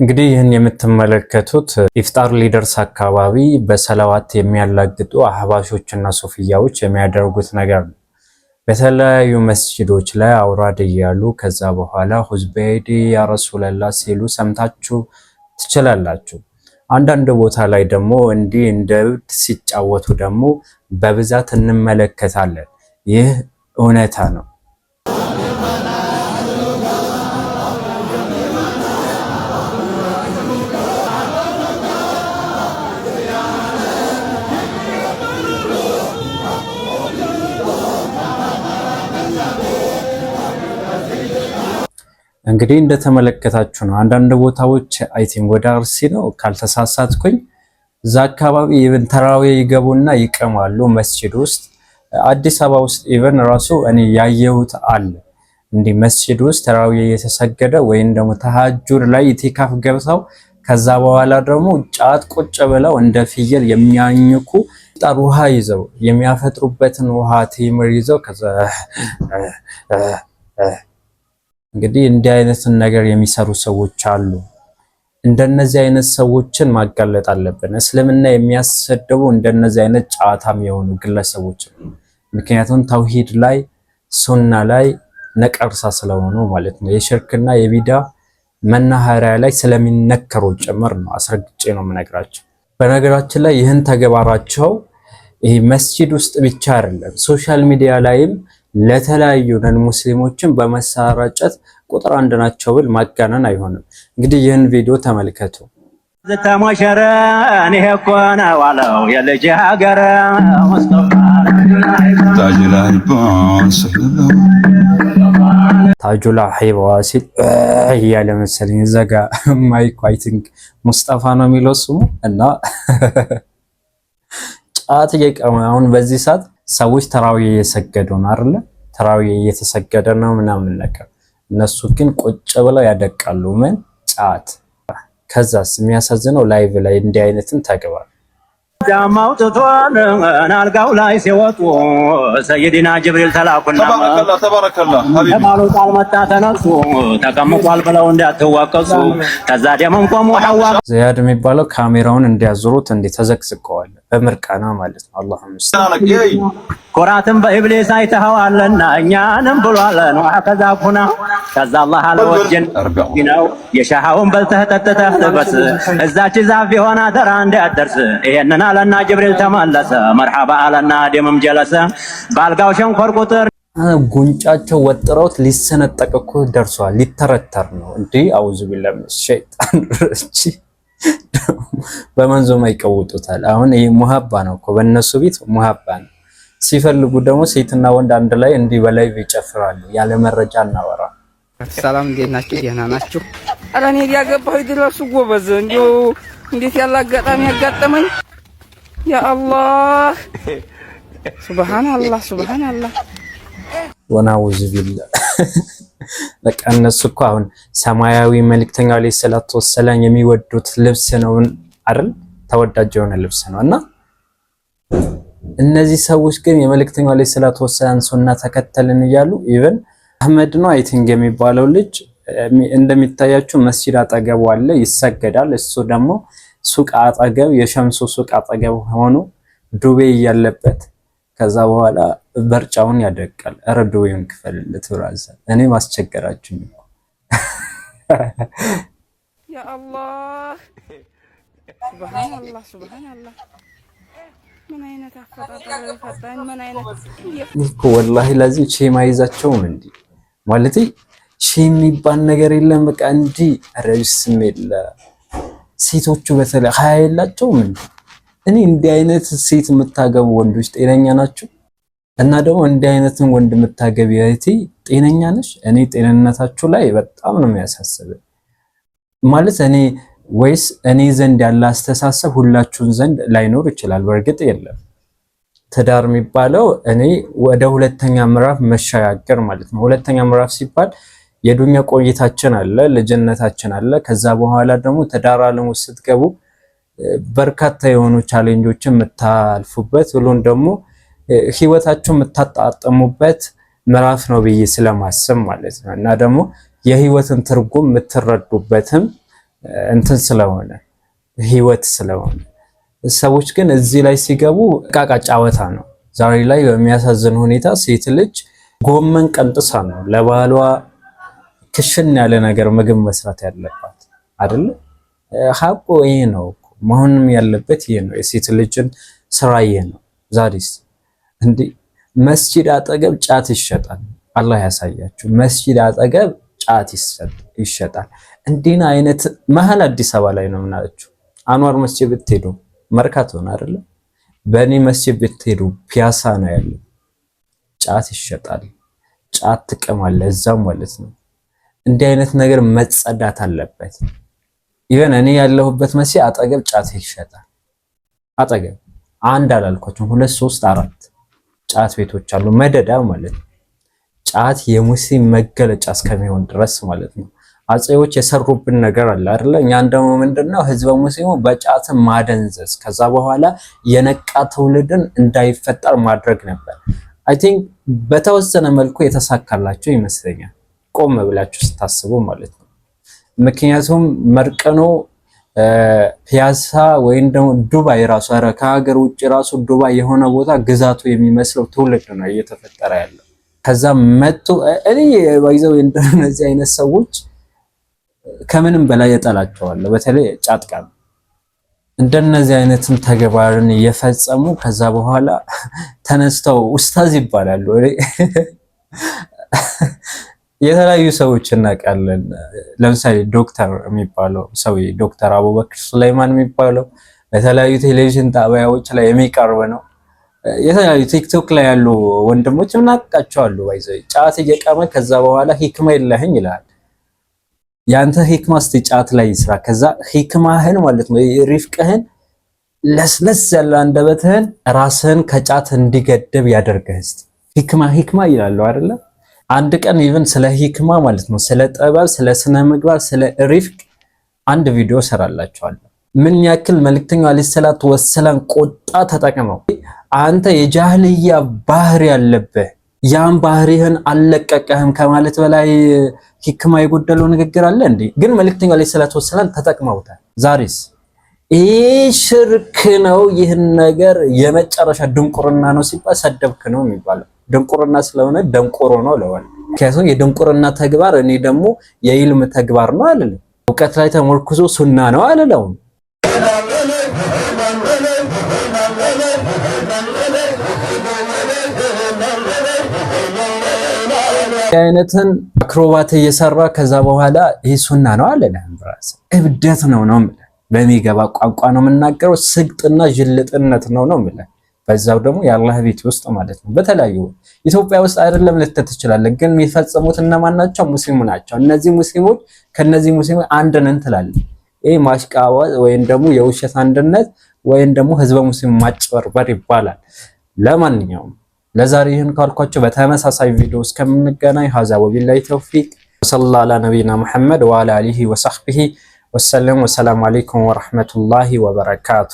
እንግዲህ ይህን የምትመለከቱት ኢፍጣር ሊደርስ አካባቢ በሰላዋት የሚያላግጡ አህባሾችና ሱፍያዎች የሚያደርጉት ነገር ነው። በተለያዩ መስጅዶች ላይ አውራድ እያሉ ከዛ በኋላ ሁዝበይዲ ያረሱለላ ሲሉ ሰምታችሁ ትችላላችሁ። አንዳንድ ቦታ ላይ ደግሞ እንዲህ እንደ እብድ ሲጫወቱ ደግሞ በብዛት እንመለከታለን። ይህ እውነታ ነው። እንግዲህ እንደተመለከታችሁ ነው። አንዳንድ ቦታዎች አይቲም ቲንክ ወደ አርሲ ነው ካልተሳሳትኩኝ፣ እዛ አካባቢ ኢቨን ተራዊ ይገቡና ይቀማሉ መስጂድ ውስጥ። አዲስ አበባ ውስጥ ኢቨን ራሱ እኔ ያየሁት አለ እንዲህ መስጂድ ውስጥ ተራዊ እየተሰገደ ወይም ደግሞ ተሃጁድ ላይ ኢቲካፍ ገብተው ከዛ በኋላ ደግሞ ጫት ቁጭ ብለው እንደ ፍየል የሚያኝኩ ጠር ውሃ ይዘው የሚያፈጥሩበትን ውሃ ቴምር ይዘው ከዛ እንግዲህ እንዲህ አይነትን ነገር የሚሰሩ ሰዎች አሉ። እንደነዚህ አይነት ሰዎችን ማጋለጥ አለብን። እስልምና የሚያሰደቡ እንደነዚህ አይነት ጨዋታም የሆኑ ግለሰቦች ምክንያቱም ተውሂድ ላይ ሱና ላይ ነቀርሳ ስለሆኑ ማለት ነው። የሽርክና የቢዳ መናኸሪያ ላይ ስለሚነከሩ ጭምር ነው አስረግጬ ነው የምነግራቸው። በነገራችን ላይ ይህን ተግባራቸው ይህ መስጂድ ውስጥ ብቻ አይደለም ሶሻል ሚዲያ ላይም ለተለያዩ ነን ሙስሊሞችን በመሰራጨት ቁጥር አንድ ናቸው ብል ማጋነን አይሆንም። እንግዲህ ይህን ቪዲዮ ተመልከቱ። ዝተሞሸረ እኔ እኮ ነው አለው የልጅ ሀገር ታጁላ ሂባ ሲል እያለ መሰለኝ እዛ ጋ ማይክ አይ ቲንክ ሙስጠፋ ነው የሚለው ስሙ እና ጫት እየቀመ አሁን በዚህ ሰዓት ሰዎች ተራዊ እየሰገዱ ነው አይደለ? ተራዊ እየተሰገደ ነው ምናምን ነገር። እነሱ ግን ቁጭ ብለው ያደቃሉ ምን ጫት። ከዛስ የሚያሳዝነው ላይቭ ላይ እንዲህ አይነትን ተግባር ጃማ አውጥቷል አልጋው ላይ ሲወጡ ሰይድና ጅብሪል ተላኩና ተባሉ ቃል መጣ ተነሱ ተቀምጧል ብለው እንዳትዋቀሱ። ከዛ ደመም ቆሙ ሐዋ ዘያድ የሚባለው ካሜራውን እንዲያዙሩት እንዲ ተዘቅዝቀዋል በምርቃና ማለት ነው። አላህ ኩራትን በኢብሊስ አይተኸዋልና እኛንም ብሏለን ውሃ ከዛ ኩና ከዛ አላህ አለወጅን ነው የሻሃውን በልተህ ጠጥተህ ልበስ እዛች ዛፍ የሆነ ተራ እንዳያደርስ ይሄንን አለና ጅብሪል ተመለሰ። መርሐባ አለና ደምም ጀለሰ ባልጋው ሸንኮር ቁጥር ጉንጫቸው ወጥረውት ሊሰነጠቅ እኮ ደርሷል። ሊተረተር ነው እንዴ! አውዙ ቢላህ ሸይጣን ረጂ በመንዞማ ይቀውጡታል። አሁን ይሄ ሙሀባ ነው እኮ በእነሱ ቤት ሙሀባ ነው። ሲፈልጉ ደግሞ ሴትና ወንድ አንድ ላይ እንዲህ በላይ ይጨፍራሉ። ያለ መረጃ እናወራ። ሰላም እንዴት ናችሁ? ደህና ናችሁ? ኧረ እኔ ያገባሁ ድረሱ ጎበዝ እንዲሁ እንዴት ያለ አጋጣሚ ያጋጠመኝ ያ አላህ ሱብሃንአላህ ሱብሃንአላህ ወናውዝ ቢላ በቃ እነሱ እኮ አሁን ሰማያዊ መልእክተኛው ላይ ሰላቱ ወሰላም የሚወዱት ልብስ ነው አይደል? ተወዳጅ የሆነ ልብስ ነው። እና እነዚህ ሰዎች ግን የመልክተኛው ላይ ሰላቱ ወሰላም ሱና ተከተልን እያሉ ኢቨን አህመድ ነው አይ ቲንክ የሚባለው ልጅ እንደሚታያችሁ መስጂድ አጠገቡ አለ፣ ይሰገዳል። እሱ ደግሞ ሱቅ አጠገብ የሸምሱ ሱቅ አጠገብ ሆኖ ዱቤ እያለበት ከዛ በኋላ በርጫውን ያደቃል። ኧረ ዱቤውን ክፈል ልትብራዘ እኔ ማስቸገራችሁ ያአላህ ሱብሃንአላህ ወላሂ ለዚህ ሼም አይዛቸውም እንዲ ማለት ሼም የሚባል ነገር የለም በቃ እንዲ ረጅስም የለ ሴቶቹ በተለይ ሀያ የላቸውም። እኔ እንዲህ አይነት ሴት የምታገቡ ወንዶች ጤነኛ ናቸው? እና ደግሞ እንዲህ አይነትን ወንድ የምታገቢ እህቴ ጤነኛ ነሽ? እኔ ጤንነታችሁ ላይ በጣም ነው የሚያሳስበኝ። ማለት እኔ ወይስ እኔ ዘንድ ያለ አስተሳሰብ ሁላችሁን ዘንድ ላይኖር ይችላል። በእርግጥ የለም ትዳር የሚባለው እኔ ወደ ሁለተኛ ምዕራፍ መሸጋገር ማለት ነው። ሁለተኛ ምዕራፍ ሲባል የዱንያ ቆይታችን አለ፣ ልጅነታችን አለ። ከዛ በኋላ ደግሞ ትዳር ዓለም ውስጥ ስትገቡ በርካታ የሆኑ ቻሌንጆችን የምታልፉበት ብሎን ደግሞ ህይወታቸው የምታጣጥሙበት ምዕራፍ ነው ብዬ ስለማሰብ ማለት ነው እና ደግሞ የህይወትን ትርጉም የምትረዱበትም እንትን ስለሆነ ህይወት ስለሆነ ሰዎች ግን እዚህ ላይ ሲገቡ ቃቃ ጫወታ ነው። ዛሬ ላይ በሚያሳዝን ሁኔታ ሴት ልጅ ጎመን ቀንጥሳ ነው ለባሏ ክሽን ያለ ነገር ምግብ መስራት ያለባት አይደል? ሀቁ ይሄ ነው መሆንም ያለበት ይሄ ነው። የሴት ልጅን ስራ ይሄ ነው። ዛሬስ እንዲ መስጂድ አጠገብ ጫት ይሸጣል። አላህ ያሳያችሁ። መስጂድ አጠገብ ጫት ይሸጣል። እንዲህን አይነት መሀል አዲስ አበባ ላይ ነው ምናለችው። አንዋር መስጂድ ብትሄዱ መርካቶ ነው አይደለ? በእኔ መስጂድ ብትሄዱ ፒያሳ ነው ያለው። ጫት ይሸጣል። ጫት ትቀማለህ እዛም ማለት ነው። እንዲህ አይነት ነገር መጸዳት አለበት። ይሄን እኔ ያለሁበት መስጊድ አጠገብ ጫት ይሸጣል። አጠገብ አንድ አላልኳቸውም፣ ሁለት ሶስት አራት ጫት ቤቶች አሉ። መደዳ ማለት ጫት የሙስሊም መገለጫ እስከሚሆን ድረስ ማለት ነው። አጼዎች የሰሩብን ነገር አለ አይደለ? እኛን ደግሞ ምንድነው ህዝበ ሙስሊሙ በጫት ማደንዘዝ፣ ከዛ በኋላ የነቃ ትውልድን እንዳይፈጠር ማድረግ ነበር። አይ ቲንክ በተወሰነ መልኩ የተሳካላቸው ይመስለኛል። ቆም ብላችሁ ስታስቡ ማለት ነው። ምክንያቱም መርቀኖ ፒያሳ ወይም ደግሞ ዱባይ ራሱ ኧረ ከሀገር ውጭ ራሱ ዱባይ የሆነ ቦታ ግዛቱ የሚመስለው ትውልድ ነው እየተፈጠረ ያለው። ከዛ መጡ እኔ ባይዘው እንደነዚህ አይነት ሰዎች ከምንም በላይ እጠላቸዋለሁ። በተለይ ጫጥቃ እንደነዚህ አይነትም ተግባርን እየፈጸሙ ከዛ በኋላ ተነስተው ኡስታዝ ይባላሉ። የተለያዩ ሰዎች እናውቃለን። ለምሳሌ ዶክተር የሚባለው ሰው ዶክተር አቡበክር ሱላይማን የሚባለው በተለያዩ ቴሌቪዥን ጣቢያዎች ላይ የሚቀርብ ነው። የተለያዩ ቲክቶክ ላይ ያሉ ወንድሞች እናቃቸዋሉ። ይዘ ጫት እየቀመ ከዛ በኋላ ሂክማ የለህኝ ይላል። የአንተ ሂክማ እስቲ ጫት ላይ ይስራ። ከዛ ሂክማህን ማለት ነው ሪፍቅህን ለስለስ ያለ አንደበትህን ራስህን ከጫት እንዲገደብ ያደርግህ። ሂክማ ሂክማ ይላሉ አይደለም አንድ ቀን ኢቭን ስለ ሂክማ ማለት ነው ስለ ጥበብ፣ ስለ ስነ ምግባር፣ ስለ ሪፍቅ አንድ ቪዲዮ ሰራላችኋለሁ። ምን ያክል መልእክተኛው አለይሂ ሰላቱ ወሰላም ቆጣ ተጠቅመው አንተ የጃህልያ ባህሪ ያለብህ ያን ባህሪህን አልለቀቀህም ከማለት በላይ ሂክማ የጎደለው ንግግር አለ እንዴ? ግን መልእክተኛው አለይሂ ሰላቱ ወሰላም ተጠቅመውታል። ዛሬስ ይህ ሽርክ ነው፣ ይህን ነገር የመጨረሻ ድንቁርና ነው ሲባል ሰደብክ ነው የሚባለው። ድንቁርና ስለሆነ ደንቆሮ ነው ለዋል ምክንያቱም የድንቁርና ተግባር እኔ ደግሞ የኢልም ተግባር ነው አልልም። እውቀት ላይ ተመርኩዞ ሱና ነው አልለውም። አይነትን አክሮባት እየሰራ ከዛ በኋላ ይህ ሱና ነው አልልም። ራስ እብደት ነው ነው በሚገባ ቋንቋ ነው የምናገረው። ስግጥና ጅልጥነት ነው ነው በዛው ደግሞ የአላህ ቤት ውስጥ ማለት ነው። በተለያዩ ኢትዮጵያ ውስጥ አይደለም ልትት ትችላለህ፣ ግን የሚፈጸሙት እነማን ናቸው? ሙስሊሙ ናቸው። እነዚህ ሙስሊሞች ከነዚህ ሙስሊሞች አንድ ነን ትላለህ። ማሽቃወጥ ወይም ደግሞ የውሸት አንድነት ወይም ደግሞ ህዝበ ሙስሊም ማጭበርበር ይባላል። ለማንኛውም ለዛሬ ይህን ካልኳቸው በተመሳሳይ ቪዲዮ እስከምንገናኝ ሀዛ ወቢላሂ ተውፊቅ ወሰላ አላ ነቢና ሙሐመድ ወአላ አሊሂ ወሰሕቢሂ ወሰለም። ወሰላሙ አለይኩም ወረሕመቱላሂ ወበረካቱ